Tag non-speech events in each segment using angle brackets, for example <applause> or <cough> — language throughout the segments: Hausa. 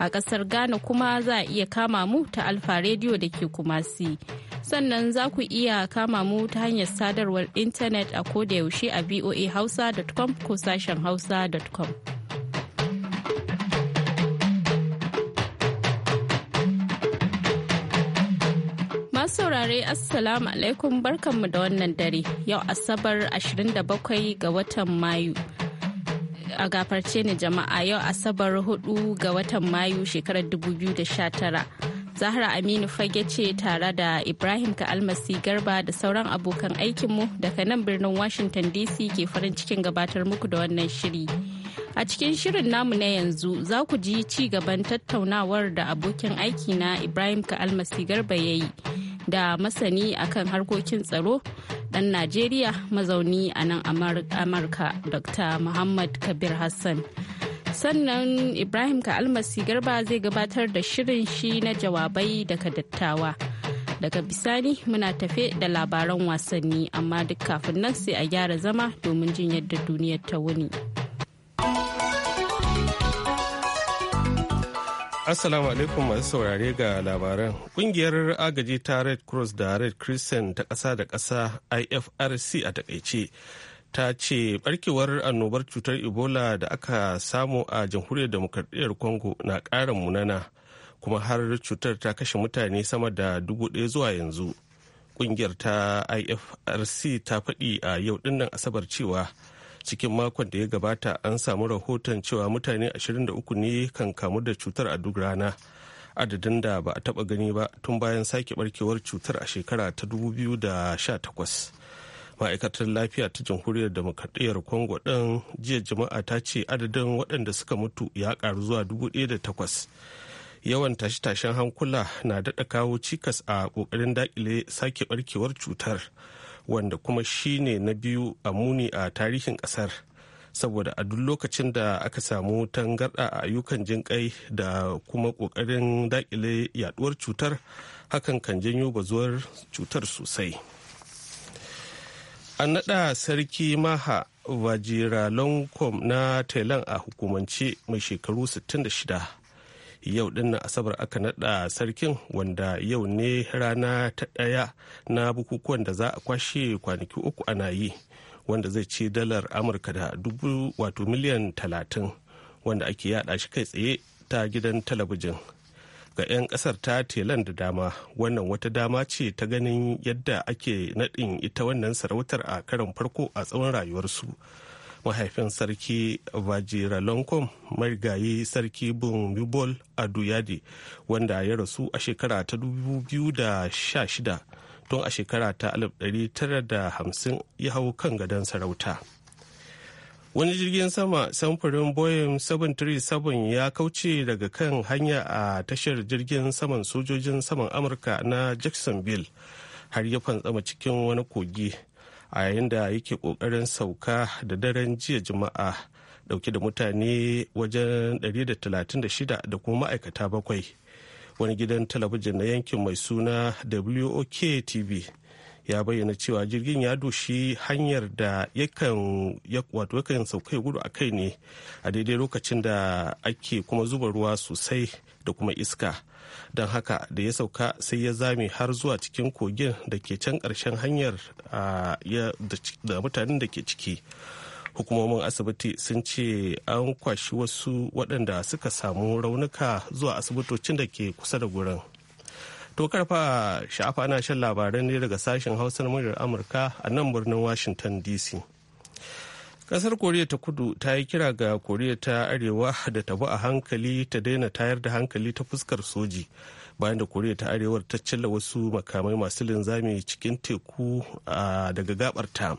A ƙasar Ghana kuma za a iya kama mu ta Alfa Radio da ke Kumasi. Sannan za ku iya kama mu ta hanyar sadarwar intanet a kodayaushe a voahausa.com ko sashen hausa.com. saurare Assalamu alaikum barkanmu da wannan dare yau Asabar 27 ga watan Mayu. a gafarce ni jama'a yau asabar 4 ga watan mayu shekarar 2019 zahra aminu fage ce tare da ibrahim almasi garba da sauran abokan aikinmu daga nan birnin washington dc ke farin cikin gabatar muku da wannan shiri a cikin shirin namu na yanzu za ku ji ci gaban tattaunawar da abokin aiki na ibrahim almasi garba ya yi da masani akan harkokin tsaro ɗan Najeriya mazauni a nan Amurka Dr. Muhammad Kabir Hassan. Sannan Ibrahim Ka'almasi Garba zai gabatar da shirin shi na jawabai daga dattawa. Daga bisani muna tafe da labaran wasanni amma duk kafin nan sai a gyara zama domin jin yadda duniyar ta wuni. Assalamu alaikum masu saurare ga labaran. Kungiyar agaji ta Red Cross da Red Crescent ta ƙasa da ƙasa IFRC a takaice ta ce barkewar annobar cutar Ebola da aka samu a jamhuriyar demokradiyyar Congo na ƙara munana kuma har cutar ta kashe mutane sama da dubu ɗaya zuwa yanzu. Kungiyar ta IFRC ta faɗi a yau dinnan Asabar cewa cikin makon da ya gabata an samu rahoton cewa mutane 23 ne kan kamu da cutar a duk rana adadin da ba a taba gani ba tun bayan sake barkewar cutar a shekara ta 2018 ma'aikatar lafiya ta jamhuriyar demokradiyyar congo din jiya jama'a ta ce adadin waɗanda suka mutu ya ƙaru zuwa 1,008 yawan tashe-tashen hankula na daɗa kawo cikas a ƙoƙarin daƙile sake ɓarkewar cutar. wanda kuma shi ne na biyu a muni a tarihin kasar saboda a duk lokacin da aka samu tangarɗa a ayyukan jin jinƙai da kuma ƙoƙarin dakile yaduwar cutar hakan kan janyo bazuwar cutar sosai an naɗa sarki maha vajiralongkom na thailand a hukumance mai shekaru 66 yau din asabar aka nada sarkin wanda yau ne rana ta ɗaya na bukukuwan da za a kwashe kwanaki uku ana yi wanda zai ci dalar amurka da dubu wato miliyan talatin wanda ake yada shi kai tsaye ta gidan talabijin ga 'yan kasar ta telan da dama wannan wata dama ce ta ganin yadda ake nadin ita wannan sarautar a karon farko a tsawon rayuwarsu mahaifin sarki lankom marigayi sarki bumibol duyadi wanda ya rasu a shekara ta 2016 tun a shekara ta 1950 ya hau kan gadon sarauta wani jirgin sama samfurin boeing 737 ya kauce daga kan hanya a tashar jirgin saman sojojin saman amurka na jacksonville har ya fantsama cikin wani kogi a yayin da yake kokarin sauka da daren jiya juma'a dauke da mutane wajen 136 da kuma ma'aikata bakwai wani gidan talabijin na yankin mai suna wok tv ya bayyana cewa jirgin ya dushi hanyar da yakan sauka gudu a kai ne a daidai lokacin da ake kuma zuba ruwa sosai da kuma iska don haka da ya sauka sai ya zame har zuwa cikin kogin da ke can karshen hanyar da mutanen da ke ciki hukumomin asibiti sun ce an kwashi wasu waɗanda suka samu raunuka zuwa asibitocin da ke kusa da gurin to karfa sha'afa ana shan labaran ne daga sashen hausar muryar amurka a nan birnin washington dc kasar koriya ta kudu ta yi kira ga koriya ta arewa da ta bu a hankali ta daina tayar da hankali ta fuskar soji bayan da koriya ta arewar ta cilla wasu makamai masu linzami cikin teku daga gabarta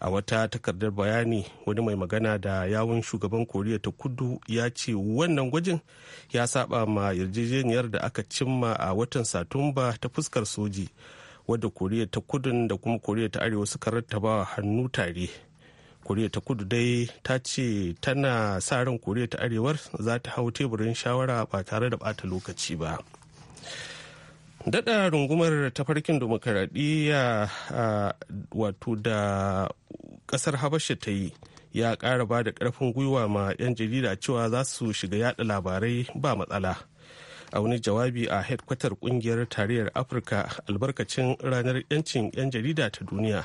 a wata takardar bayani wani mai magana da yawun shugaban koriya ta kudu ya ce wannan gwajin ya saba ma yarjejeniyar da aka cimma a watan satumba ta fuskar soji wadda koriya ta kudun da kuma koriya ta arewa suka rattaba hannu tare koriya ta kudu dai ta ce tana sa ran koriya ta arewar za ta hau teburin shawara ba tare da bata lokaci ba daɗa rungumar tafarkin dimokuraɗiyya wato da ƙasar habasha ta yi ya ƙara ba da ƙarfin gwiwa ma 'yan jarida cewa za su shiga yada labarai ba matsala a wani jawabi a hedkwatar ƙungiyar tarayyar afirka albarkacin ranar 'yancin 'yan jarida ta duniya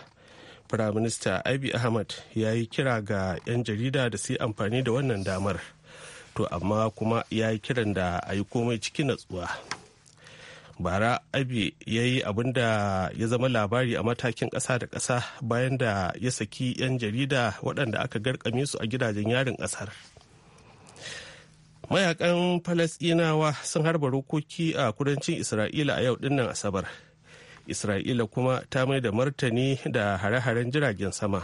firaminista abi ahmad ya yi kira ga 'yan jarida da su yi amfani da wannan damar to amma kuma ya yi kiran da a yi komai cikin natsuwa bara abi ya yi abin da ya zama labari a matakin ƙasa da ƙasa bayan da ya saki 'yan jarida waɗanda aka garkame su a gidajen yarin ƙasar mayakan falasɗinawa sun harba rokoki a kudancin isra'ila a yau dinnan asabar isra'ila kuma ta mai da martani da hare-haren jiragen sama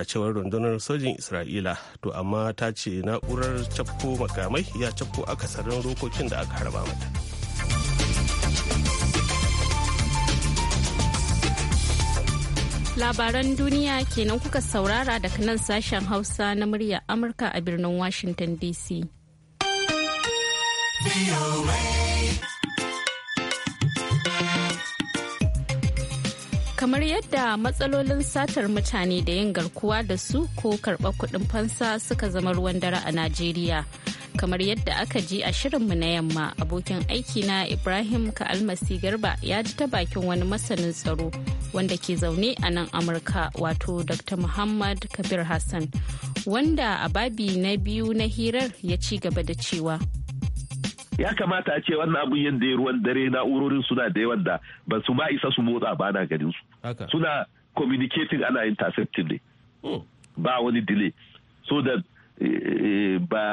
a cewar rundunar sojin isra'ila to amma ta ce na'urar cafko makamai ya cafko akasarin rokokin da aka harba mata labaran duniya kenan kuka saurara daga nan sashen hausa na murya amurka a birnin washington dc kamar yadda matsalolin satar mutane da yin garkuwa da su ko karɓar kuɗin fansa suka zama ruwan dare a najeriya kamar yadda aka ji a shirinmu na yamma abokin aiki na ibrahim ka'almasi garba ya ji ta bakin wani masanin tsaro wanda ke zaune a nan amurka wato dr muhammad kabir hassan wanda a babi na biyu na hirar ya ci gaba da cewa ya kamata a ce wannan abun yin ya ruwan dare na'urorin suna da yawan da ba su ma isa su motsa ba na ganin su suna communicating ana intercepting ne oh. ba wani delay so that eh, eh, ba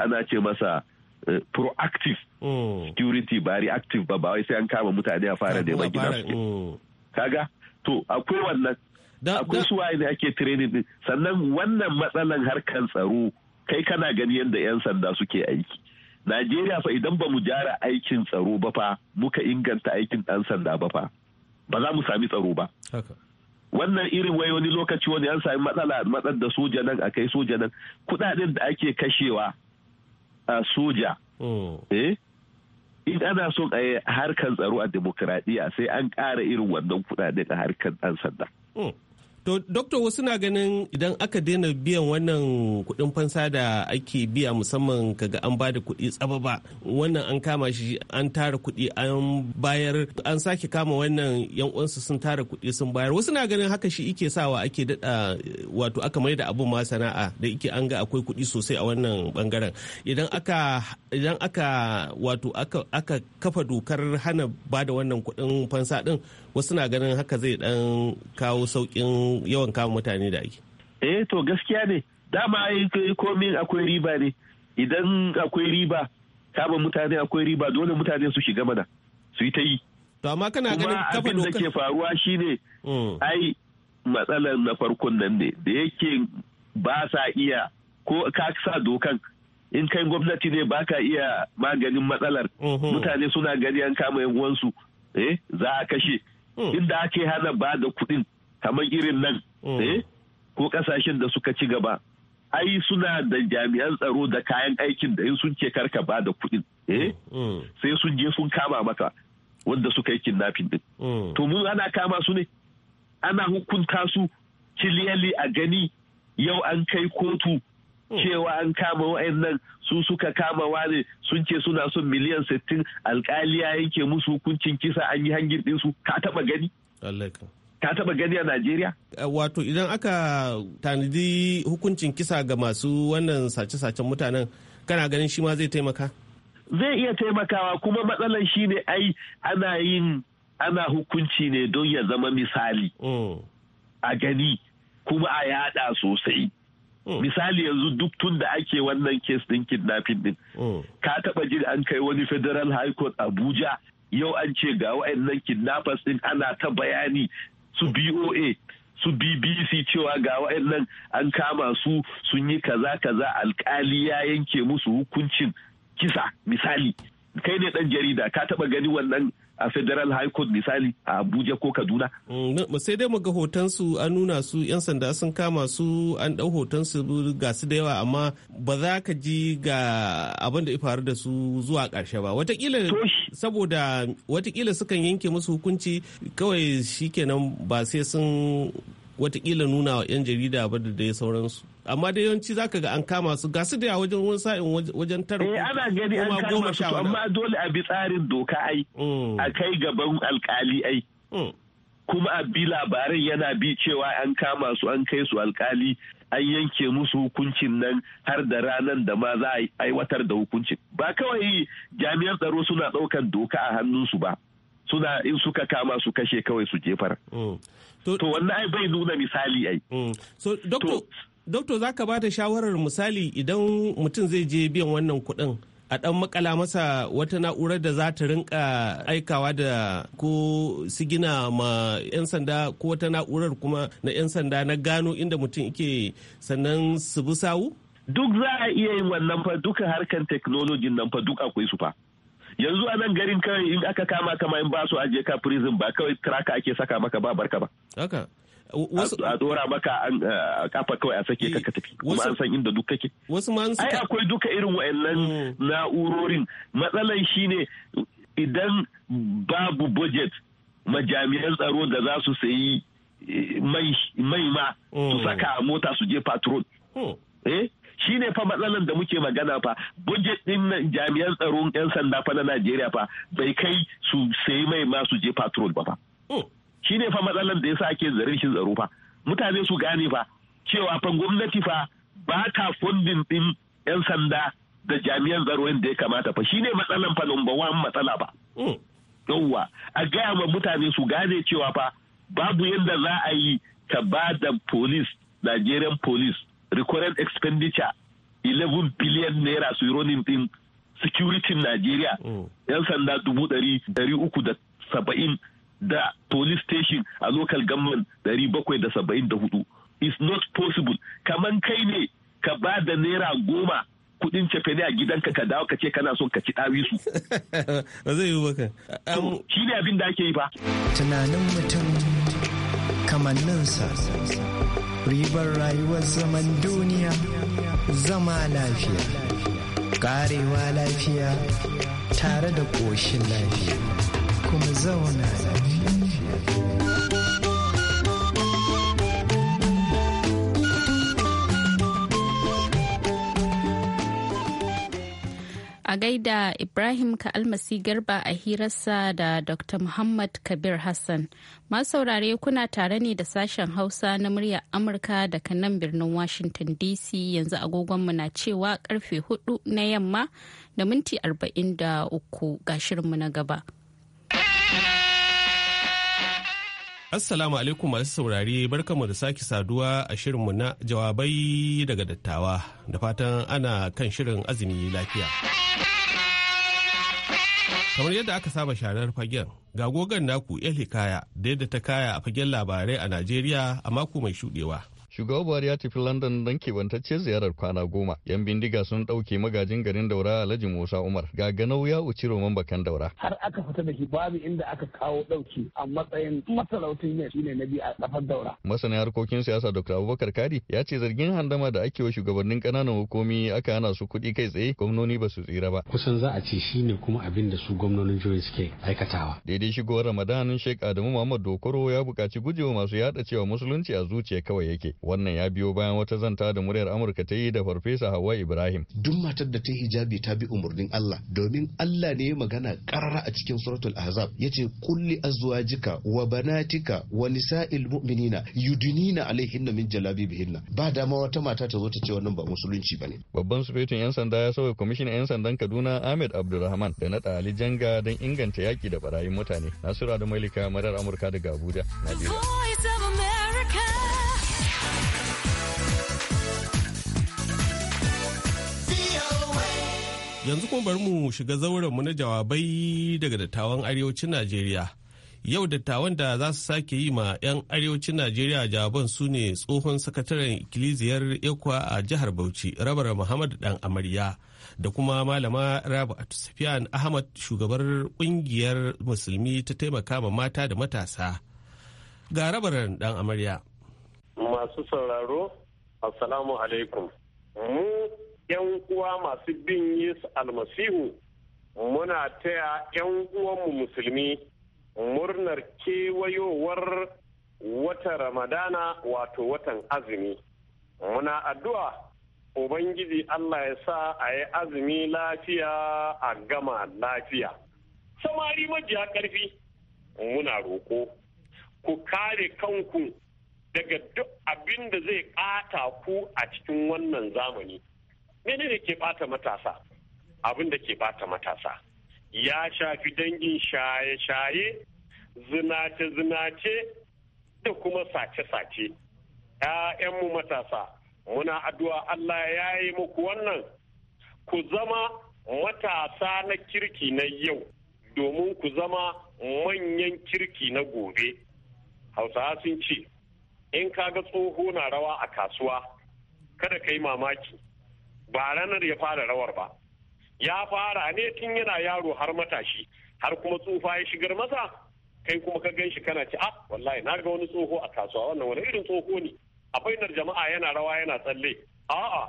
ana ce masa eh, proactive oh. security ba reactive ba ba wai sai an kama mutane a fara neman gida suke oh. kaga to akwai wannan akwai su waye ne ake training sannan wannan matsalan harkan tsaro kai kana gani yadda 'yan sanda suke aiki Najeriya fa idan ba mu gyara aikin tsaro ba fa muka inganta aikin ɗan sanda ba fa ba za mu sami tsaro ba wannan irin wai wani lokaci wani an sami matsala matsar da soja nan a kai soja nan kudaden da ake kashewa a soja hmm. eh, in ana so a harkar tsaro a demokuraɗiyya sai an ƙara irin wannan kudaden a harkar ɗan sanda hmm. To, Dokta wasu na ganin idan aka daina biyan wannan kuɗin fansa da ake biya musamman kaga an ba da kuɗi tsaba ba, wannan an kama shi an tara kuɗi an bayar an sake kama wannan yan sun tara kuɗi sun bayar. Wasu na ganin haka shi ike sawa ake daɗa wato aka mai da abun ma sana'a da ike an ga akwai kuɗi sosai a wannan bangaren. Idan aka idan aka wato aka, aka kafa dokar hana bada wannan kuɗin fansa ɗin wasu na ganin haka zai dan kawo saukin yawan kama mutane da ake eh to gaskiya ne dama komi akwai riba ne idan akwai riba kama mutane akwai riba dole mutane su shiga mana su yi ta yi to amma kana ganin kafa dokar ke faruwa shine mm. ai matsalar na farkon nan ne da yake ba sa iya ko ka sa dokan in kai gwamnati ne ba ka iya maganin matsalar mm-hmm. mutane suna gani an kama yan eh za a kashe Hmm. inda ake hana ba da kuɗin kamar irin nan hmm. eh, ko ƙasashen da suka ci gaba ai suna da jami'an tsaro da kayan aikin da in sun ce karka ba da kuɗin eh, hmm. sai sun je sun kama maka wanda suka yi kidnapping din to mun ana kama su ne ana hukunta su kiliyali a gani yau an kai kotu Mm. cewa an kama wa'annan su suka kama wani sun ce suna son miliyan sittin alkali ya yanke musu hukuncin kisa an yi hangin dinsu ka taɓa gani ka taɓa gani a najeriya eh, wato idan aka tanadi hukuncin kisa ga masu wannan sace-sacen mutanen kana ganin shi ma zai taimaka zai iya taimakawa kuma matsalar shi ne ai ana yin ana hukunci ne don ya zama misali mm. a gani kuma a yada sosai Mm. misali yanzu duk tun da ake wannan kes din kidnapping din mm. ka taba jin an kai wani federal high court abuja yau an ce ga wa'annan kidnappers din ana ta bayani su boa su bbc cewa ga wa'annan an kama su sun yi kaza kaza alkali ya yanke musu hukuncin kisa misali kai ne dan jarida ka taba gani wannan a federal high court misali a abuja ko kaduna mm, sai dai muga hoton su an nuna su yan sanda sun kama su an dau hoton su ga su da yawa amma ba za ka ji ga abin da ya faru da su zuwa karshe ba watakila saboda watakila sukan yanke musu hukunci kawai shikenan ba sai sun watakila nuna wa yan jarida ba da dai sauransu amma da yawanci zaka ga an kama su gasu da da wajen wani sa'in wajen tara kuma eh, ana gani an kama su amma dole a bi tsarin doka ai mm. a kai gaban alkali ai mm. kuma a bi labarin yana bi cewa an kama su an kai su alkali an yanke musu hukuncin nan har da ranar da ma za a aiwatar da hukuncin ba kawai jami'an tsaro suna daukan doka a su ba suna in suka kama su kashe kawai su jefar mm. to wannan ai bai nuna misali ai so doctor Dokto za ka ba da shawarar misali idan mutum zai je biyan wannan kuɗin a ɗan makala masa wata na'urar da za ta rinka aikawa da ko sigina ma 'yan sanda ko wata na'urar kuma na 'yan sanda na gano inda mutum ke sannan su bi sawu? Duk za a iya yin wannan fa duka harkar teknolojin nan fa duk akwai su fa. Yanzu a nan garin kawai in aka kama kama in ba su aje ka prison ba kawai traka ake saka maka ba barka ba. a dora maka an eh, kafa kawai a sake ka tafi kuma an san inda duk kake wasu ma ai akwai duka irin wayannan hmm. na'urorin matsalan shine idan babu budget majami'an tsaro da za su sayi eh, mai ma su hmm. saka a mota su je patrol hmm. eh shi ne fa matsalar da muke magana fa budget din nan jami'an tsaron 'yan sanda fa na Najeriya fa bai kai su sayi mai masu je patrol ba fa. shi ne fa matsalar da ya sa ake zarin shi tsaro fa mutane su gane fa cewa fa gwamnati fa ba ta fundin din yan sanda da jami'an tsaro yadda ya kamata fa shi ne matsalar fa number one matsala ba hmm. yawwa a gaya ma mutane su gane cewa fa babu yadda za a yi ka ba da police nigerian police recurrent expenditure 11 billion naira su yi din security nigeria hmm. yan sanda dubu dari uku da saba'in da police station a local government 774 is not possible kaman kai ne ka ba da naira goma kudin cefe ne a gidanka ka dawo ka ce kana son ka ci dawi su <laughs> ba zai yi baka shi ne abin da ake yi ba tunanin mutum kamanninsa ribar rayuwar zaman duniya zama lafiya karewa lafiya tare da koshin lafiya kuma zauna lafiya. a gaida Ibrahim Ka'almasi Garba a hirarsa da Dr. Muhammad Kabir Hassan. Masu saurare kuna tare ne da sashen Hausa na muryar Amurka daga nan birnin Washington DC yanzu agogonmu na cewa karfe 4 na yamma da minti 43 ga shirinmu na gaba. Assalamu alaikum masu saurari barkanmu da sake saduwa a shirinmu na jawabai daga dattawa da fatan ana kan shirin azumi lafiya. Kamar yadda aka saba sharar fagen, ga gogon naku ya hikaya da yadda ta kaya a fagen labarai a Najeriya a mako mai shuɗewa. shugaba buhari ya tafi london don kebantacce ziyarar kwana goma yan bindiga sun ɗauke magajin garin daura alhaji musa umar gaganau ya uci roman bakan daura har aka fita da shi babu inda aka kawo ɗauki a matsayin masarautin ne ne na biyu a kafar daura Masanin harkokin siyasa dr abubakar Khadi ya ce zargin handama da ake wa shugabannin ƙananan hukumi aka hana su kuɗi kai tsaye gwamnoni ba su tsira ba kusan za a ce ne kuma abin da su gwamnonin jihohi suke aikatawa daidai shigowar ramadan sheik adamu muhammad dokoro ya buƙaci gujewa masu yaɗa cewa musulunci a zuciya kawai yake Wannan ya biyo bayan wata zanta da muryar Amurka ta yi da Farfesa Hauwa Ibrahim. Duk matar da ta yi hijabi ta bi umarnin Allah domin Allah ne ya magana karara a cikin suratul Ya ce kulli azwajika wa banatika wa nisa'il mu'minina yudunina alaihinna min jalabibihinna. Ba dama wata mata ta zo ta ce wannan ba musulunci ne. Babban sufetin 'yan sanda ya sauya kwamishin 'yan sandan Kaduna Ahmed Abdulrahman da na Ali Janga don inganta yaki da barayin mutane. Nasura da Malika Marar Amurka daga Abuja, nigeria Yanzu kuma bari mu shiga zauren mu na jawabai daga dattawan arewacin Najeriya. Yau dattawan da za su sake yi ma 'yan arewacin Najeriya jawaban su ne tsohon sakataren ikkiliziyar ikwa a jihar Bauchi, Rabar Muhammad Dan Amarya, da kuma malama Rabu Atusufiyan Ahmad shugabar kungiyar musulmi ta taimaka ma mata da matasa. Ga Rabar Dan Amarya. masu sauraro assalamu alaikum mu yan uwa masu bin yesu almasihu muna taya yan uwanmu musulmi murnar kewayowar wata ramadana wato watan azumi muna addu'a ubangiji allah ya sa a yi azumi lafiya a gama lafiya samari majiya ƙarfi muna roko ku kare kanku daga duk abin da zai ɓata ku a cikin wannan zamani mene ne ke ɓata matasa abin da ke bata matasa ya shafi dangin shaye-shaye zinace-zinace da kuma sace-sace ‘ya'yanmu matasa muna addu'a Allah ya yi muku wannan ku zama matasa na kirki na yau domin ku zama manyan kirki na gobe hausawa sun ce in ka ga tsoho na rawa a kasuwa kada ka yi mamaki ba ranar ya fara rawar ba ya fara ne tun yana yaro har matashi har kuma tsufa ya shigar masa kai kuma ka gan shi kana ci ah wallahi na ga wani tsoho a kasuwa wannan wani irin tsoho ne a bainar jama'a yana rawa yana tsalle a'a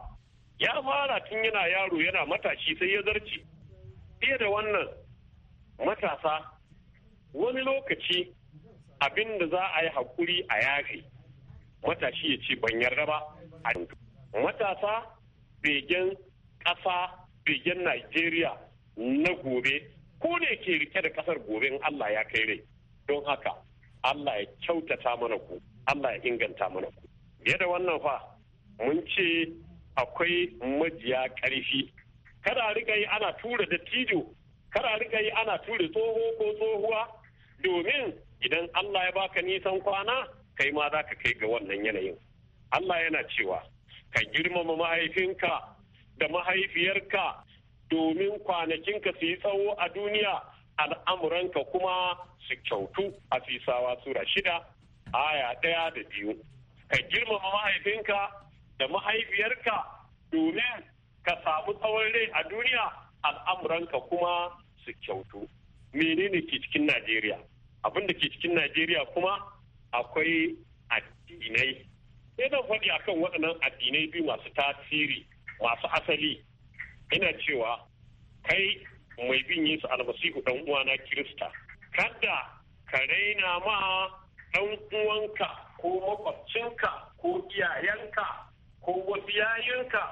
ya fara tun yana yaro yana matashi sai ya zarci. fiye da wannan matasa wani lokaci abin da za a yi hakuri a yafe matashi ya ce ban yarda ba a matasa begen ƙasa begen Najeriya na gobe ko ne ke rike da ƙasar gobe in Allah ya kai rai don haka Allah ya kyautata mana ku Allah ya inganta mana ku biye da wannan fa mun ce akwai majiya ƙarfi kada rika yi ana tura dattijo kada rika yi ana tura tsoho ko tsohuwa domin idan Allah ya baka nisan kwana kai ma za ka kai ga wannan yanayin Allah yana cewa ka girmama mahaifinka da mahaifiyarka domin kwanakinka su yi tsawo a duniya al'amuranka kuma su kyautu a fisawa sura shida aya ɗaya da biyu ka girmama mahaifinka da mahaifiyarka domin ka samu tsawon rai a duniya al'amuranka kuma su kyautu menene ke cikin najeriya abin da ke cikin najeriya kuma akwai addinai sai zan faɗi akan waɗannan addinai biyu masu tasiri masu asali ina cewa kai mai bin yesu almasihu dan uwana kirista kada ka raina ma dan uwanka ko makwabcinka ko iyayenka ko wasu yayinka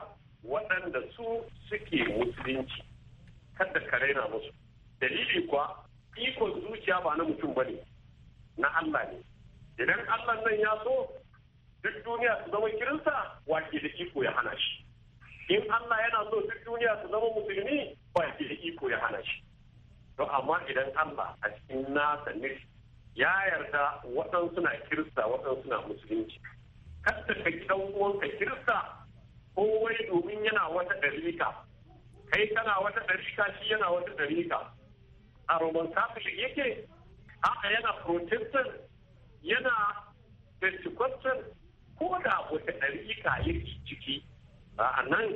waɗanda su suke musulunci kada ka raina musu dalili kuwa ikon zuciya ba na mutum ba ne na Allah ne idan allah nan ya so duk duniya su zama kirinsa wake da iko ya hana shi in allah yana so duk duniya su zama musulmi wake da iko ya hana shi to amma idan allah a cikin nasa ne ya yarda waɗansu na kirista waɗansu na musulunci kasta ka ɗan uwanka kirista ko wai domin yana wata ɗarika kai kana wata ɗarika shi yana wata ɗarika a roman kafin yake a yana protestant yana pentecostal ko da wata ɗariƙa yake ciki a nan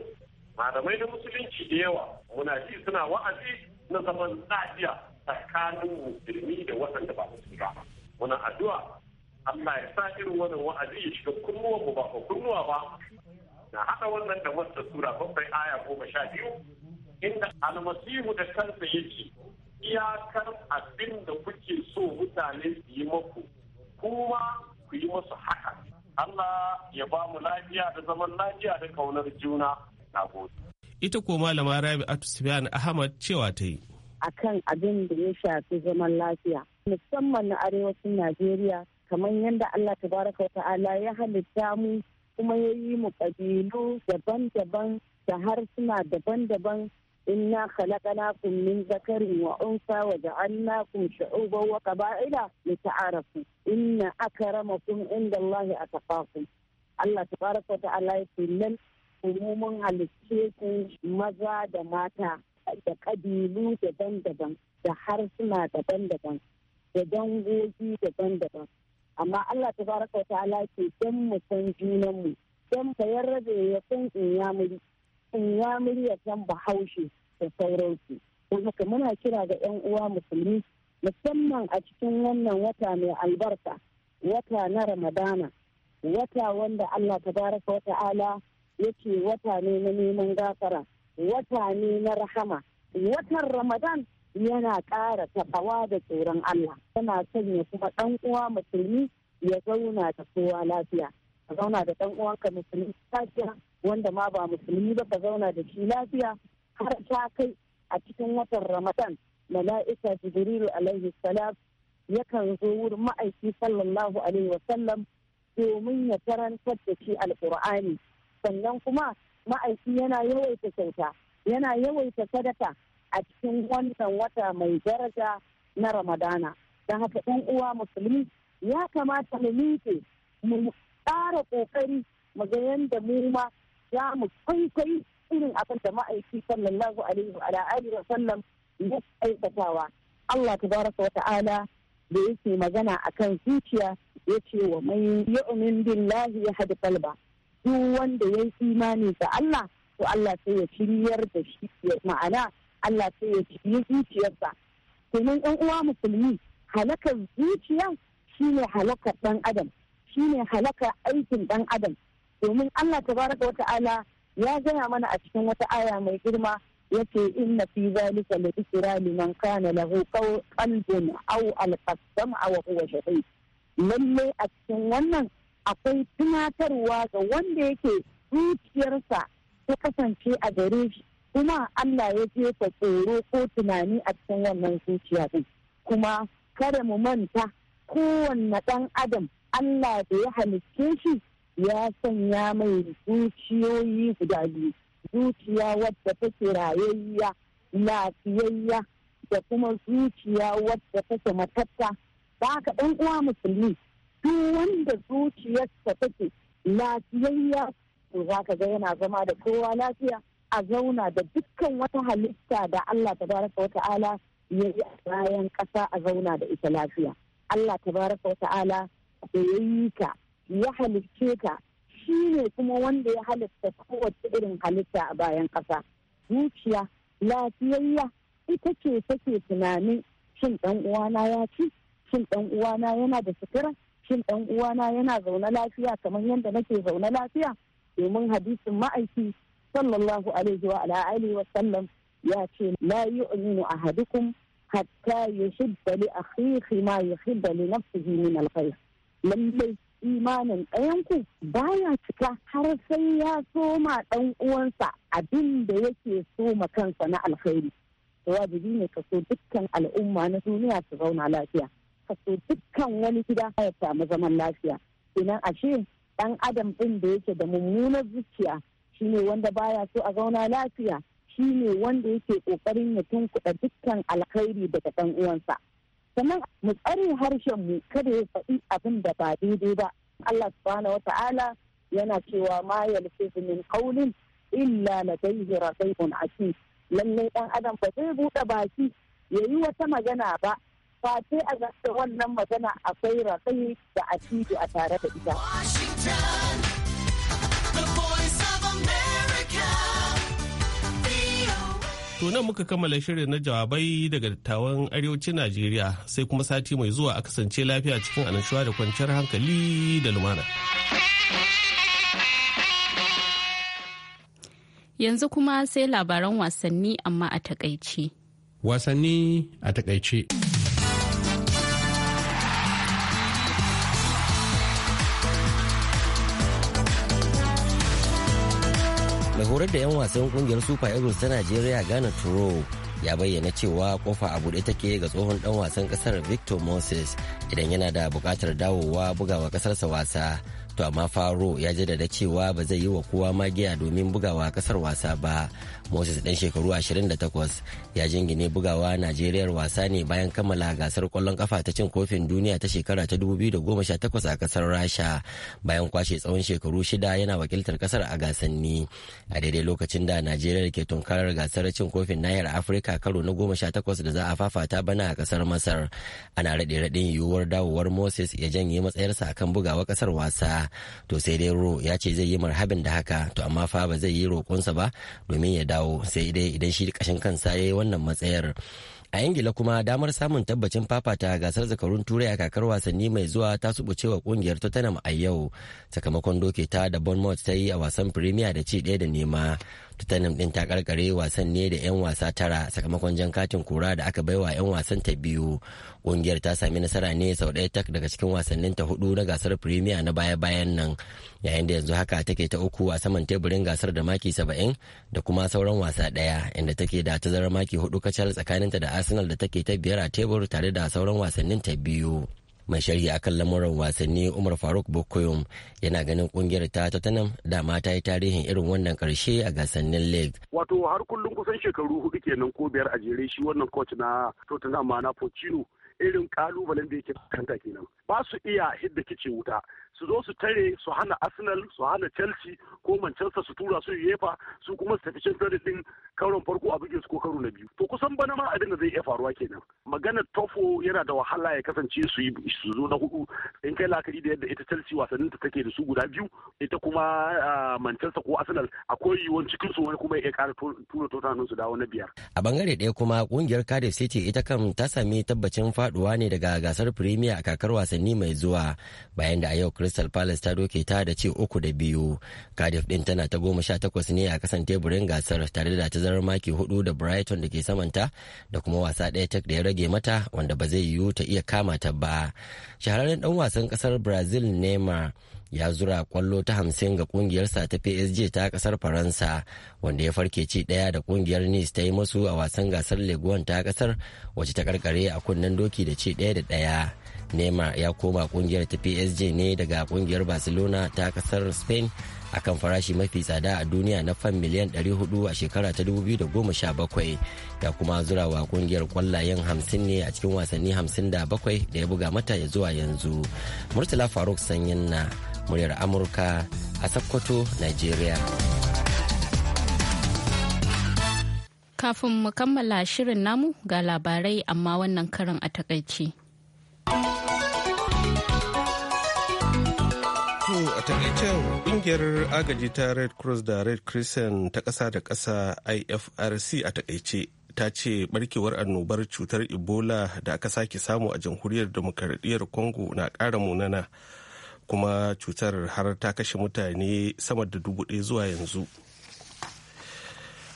malamai na musulunci da yawa muna ji suna wa'azi na zaman lafiya tsakanin musulmi da waɗanda ba musulmi ba muna addu'a Allah ya sa irin wannan wa'azi ya shiga kunnuwan mu ba ko kunnuwa ba na haɗa wannan da wata sura bakwai aya goma sha biyu inda almasihu da kansa yake iyakar abin da kuke so mutane su yi maku kuma ku yi musu haka Allah ya ba mu lafiya da zaman lafiya da kaunar juna na ita ko malama Rabi Atusbiyan Ahmad cewa ta yi kan abin da ya shafi zaman lafiya musamman na arewacin Najeriya kamar yadda Allah ta baraka wa ta'ala ya halitta mu kuma ya yi mu ƙabilu daban-daban da harsuna daban-daban inna khalaqnakum min zakarin wa da wa ja'alnakum shu'uban wa qaba'ila lita'arafu inna akramakum indallahi atqakum Allah tabaraka wa ta'ala yake nan umumin halittu ku maza da mata da kabilu daban-daban da harsuna daban-daban da dangogi daban-daban amma Allah tabaraka wa ta'ala yake dan mu san mu, dan ka yarda ya san in ya muri tsinwa muryar nan bahaushe da sauransu ko haka muna kira ga 'yan uwa musulmi musamman a cikin wannan wata mai albarka wata na ramadana wata wanda allah Ta baraka wa ta'ala ya ce wata ne na neman gafara wata ne na rahama watan ramadan yana ƙara taɓawa da tsoron allah yana sanya kuma ɗan uwa musulmi ya zauna da kowa lafiya ka zauna da ɗan uwanka musulmi lafiya wanda ma ba musulmi ba ka zauna da shi lafiya har ta kai a cikin watan ramadan mala'ika jibrilu alaihi salam yakan zo wurin ma'aiki sallallahu alaihi wasallam domin ya karantar da shi Alqur'ani. sannan kuma ma'aiki yana yawaita kyauta yana yawaita sadaka a cikin wannan wata mai daraja na ramadana don haka ɗan uwa musulmi ya kamata mu miƙe mu ƙara ƙoƙari mu ga yadda mu ma za mu kwaikwayi irin abin da ma'aiki sallallahu alaihi wa alihi wa sallam ya aikatawa Allah tabaraka wa ta'ala da yake magana akan zuciya ya ce wa mai yu'min billahi ya hadi kalba duk wanda ya yi imani ga Allah to Allah sai ya shiryar da shi ma'ana Allah sai ya shirye zuciyarsa Kuma ɗan uwa musulmi halakar zuciya shine halakar ɗan adam shine halakar aikin ɗan adam domin Allah tabaraka Ala ya gaya mana a cikin wata aya mai girma yace inna fi zalika la dhikra liman kana lahu qalbun aw al-qasam aw huwa shahid lalle a cikin wannan akwai tunatarwa ga wanda yake zuciyarsa ta kasance a gare shi kuma Allah ya je jefa tsoro ko tunani a cikin wannan zuciya din kuma kada mu manta kowanne dan adam Allah da ya halicce shi ya sanya mai zuciyoyi guda biyu zuciya wadda take rayayya lafiyayya da kuma zuciya wadda take matatta ba ka ɗan uwa musulmi duk wanda zuciyarsa take lafiyayya to za ka ga yana zama da kowa lafiya a zauna da dukkan wata halitta da Allah ta baraka wa ta'ala ya yi a bayan ƙasa a zauna da ita lafiya Allah ta baraka wa ta'ala da ya yi ka ya halicce ta shi ne kuma wanda ya halitta kowace irin halitta a bayan ƙasa zuciya lafiyayya ita ce take tunanin shin ɗan uwana ya ci shin ɗan uwana yana da sutura shin ɗan uwana yana zaune lafiya kamar yadda nake zaune lafiya domin hadisin ma'aiki sallallahu alaihi wa alihi wa sallam ya ce la yu'minu ahadukum hatta yuhibba li akhihi ma yuhibba li nafsihi min al lallai imanin ɗayanku baya cika har sai ya soma ɗan uwansa abin da yake soma kansa na alkhairi. Wajibi ne ka so dukkan al'umma na duniya su zauna lafiya. Ka so dukkan wani gida ya samu zaman lafiya. Idan ashe ɗan adam ɗin da yake da mummunar zuciya shine wanda baya so a zauna lafiya shine wanda yake ƙoƙarin ya tunkuɗa dukkan alkhairi daga ɗan uwansa. sannan mu tsare harshen mu kada ya faɗi abin da ba daidai ba Allah subhanahu wa ta'ala yana cewa ma yalfizu min qawlin illa ladayhi raqibun atid lallai dan adam ba zai buɗe baki yayi wata magana ba fa sai a ga wannan magana akwai raƙayi da atidu a tare da ita Washington, the voice of America. To nan muka kammala shirin na jawabai daga dattawan arewacin Najeriya sai kuma sati mai zuwa a kasance lafiya cikin annashuwa da kwanciyar hankali da lumana. Yanzu kuma sai labaran wasanni amma a takaice. Wasanni a takaice. mai horar da 'yan wasan kungiyar super eagles ta nigeria ghana turo ya bayyana cewa kofa a buɗe take ga tsohon dan wasan kasar victor moses idan yana da buƙatar dawowa bugawa kasarsa wasa to amma faro ya jaddada cewa ba zai yi wa kowa magiya domin bugawa kasar wasa ba moses dan shekaru 28 ya jingine bugawa Najeriya wasa ne bayan kammala gasar kwallon kafa ta cin kofin duniya ta shekara ta 2018 a kasar rasha bayan kwashe tsawon shekaru shida yana wakiltar kasar a gasanni a daidai lokacin da najeriya ke tunkarar gasar cin kofin nayar afirka karo na 18 da za a fafata bana a kasar masar ana raɗe-raɗin yiwuwar dawowar moses ya janye matsayarsa akan bugawa kasar wasa to sai dai ro ya ce zai yi marhabin da haka to amma fa ba zai yi roƙonsa ba domin ya dawo sai dai idan shi kashin kansa ya yi wannan matsayar a ingila kuma damar samun tabbacin fafata gasar zakarun turai a kakar wasanni mai zuwa ta subuce wa kungiyar tottenham a yau sakamakon doke ta da bournemouth ta yi a wasan premier da ci daya da nema tottenham din ta karkare wasan ne da 'yan wasa tara sakamakon jan katin kura da aka baiwa 'yan wasan ta biyu kungiyar ta sami nasara ne sau ɗaya tak daga cikin wasannin ta hudu na gasar premier na baya-bayan nan yayin da yanzu haka take ta uku a saman teburin gasar da maki saba'in da kuma sauran wasa ɗaya inda take da tazarar maki hudu kacal tsakaninta da arsenal da take ta biyar a tebur tare da sauran wasannin ta biyu mai sharhi akan lamuran wasanni umar faruk bokoyum yana ganin kungiyar ta tottenham dama ta yi tarihin irin wannan karshe a gasannin league wato har kullum kusan shekaru hudu kenan ko biyar a jere shi wannan coach na tottenham ma na pochino irin kalubalen da yake kanta kenan ba su iya hidda kicin wuta su zo su tare su hana arsenal su hana chelsea ko manchester su tura su yefa su kuma su tafi cin sarri din karon farko a bugin su ko karo na biyu to kusan bana ma abin da zai iya faruwa kenan Maganar tofo yana da wahala ya kasance su yi su zo na hudu in kai lakari da yadda ita chelsea wasannin ta take da su guda biyu ita kuma ah, manchester ko arsenal akwai yiwuwar cikin su wani kuma ya kara tura tottenham su dawo na biyar a bangare ɗaya kuma kungiyar cardiff city ita kan ta sami tabbacin faduwa ne daga gasar premier a kakar wasanni mai zuwa bayan da a yau crystal palace ta doke ta da ci uku da biyu cardiff din tana ta goma sha takwas ne a kasan teburin gasar tare da ta tazarar maki hudu da brighton da ke samanta da kuma wasa ɗaya tak da ya rage mata wanda ba zai yiwu ta iya kama ta ba shahararren dan wasan kasar brazil neymar ya zura kwallo ta hamsin ga kungiyarsa ta psg ta kasar faransa wanda ya farke ci daya da kungiyar nice ta yi masu a wasan gasar leguan ta kasar wacce ta karkare a kunnen doki da ci daya da daya neymar ya koma kungiyar ta psg ne daga kungiyar barcelona ta kasar spain akan farashi mafi tsada a duniya na fan miliyan 400 a shekara ta 2017 ya kuma zura wa kungiyar kwallayen 50 ne a cikin wasanni 57 da ya buga mata ya zuwa yanzu murtala faruk sanyin na muryar amurka a sokoto nigeria kafin mu kammala shirin namu ga labarai amma wannan karin a takaice a takaicen kungiyar agaji ta red cross da red crescent ta ƙasa da ƙasa ifrc a takaice ta ce barkewar annobar cutar ebola da aka sake samu a jamhuriyar demokaradiyyar congo na ƙara munana kuma cutar har ta kashe mutane sama da dubu ɗaya zuwa yanzu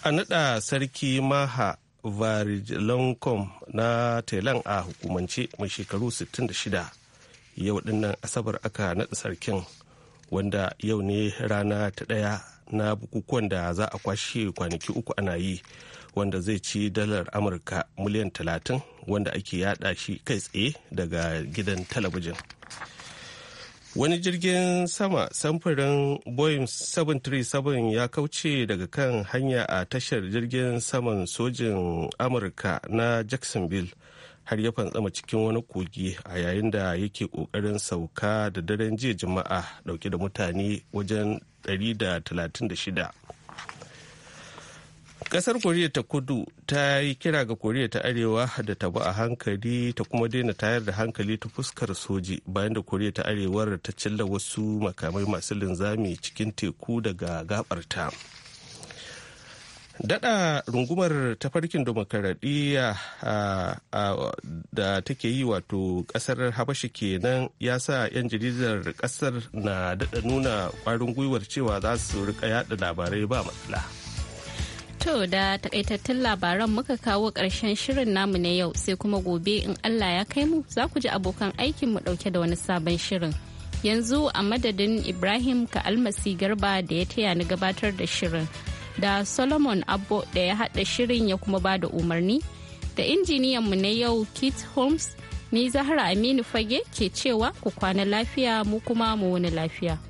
a naɗa sarki maha varijlankom na tailan a hukumance mai shekaru 66 yau dinnan asabar aka naɗa sarkin wanda yau ne rana ta ɗaya na bukukuwan da za a kwashe kwanaki uku ana yi wanda zai ci dalar amurka miliyan 30 wanda ake yada shi kai tsaye daga gidan talabijin wani jirgin sama samfurin boeing 737 ya kauce daga kan hanya a tashar jirgin saman sojin amurka na jacksonville har ya fantsama cikin wani kogi a yayin da yake kokarin sauka da daren jiya juma'a dauke da mutane wajen 136 Kasar Koriya ta kudu ta yi kira ga Koriya ta Arewa da ta bi a hankali ta kuma daina tayar da hankali ta fuskar soji bayan da Koriya ta Arewar ta cilla wasu makamai masu linzami cikin teku daga gabarta. Dada rungumar tafarkin demokaradiyya da take yi wato kasar Habashi kenan ya sa 'yan jaridar kasar na dada nuna kwarin gwiwar cewa za su rika yada labarai ba matsala. To da takaitattun labaran muka kawo ƙarshen shirin namu na yau sai kuma gobe in Allah ya kai mu za ku ji abokan aikin mu ɗauke da wani sabon shirin. Yanzu a madadin Ibrahim ka almasi garba da ya taya ni gabatar da shirin da Solomon Abbo da ya haɗa shirin ya kuma ba da umarni da injiniyan mu na yau Kit Holmes ni Zahra Aminu Fage ke cewa ku kwana lafiya mu kuma mu wani lafiya.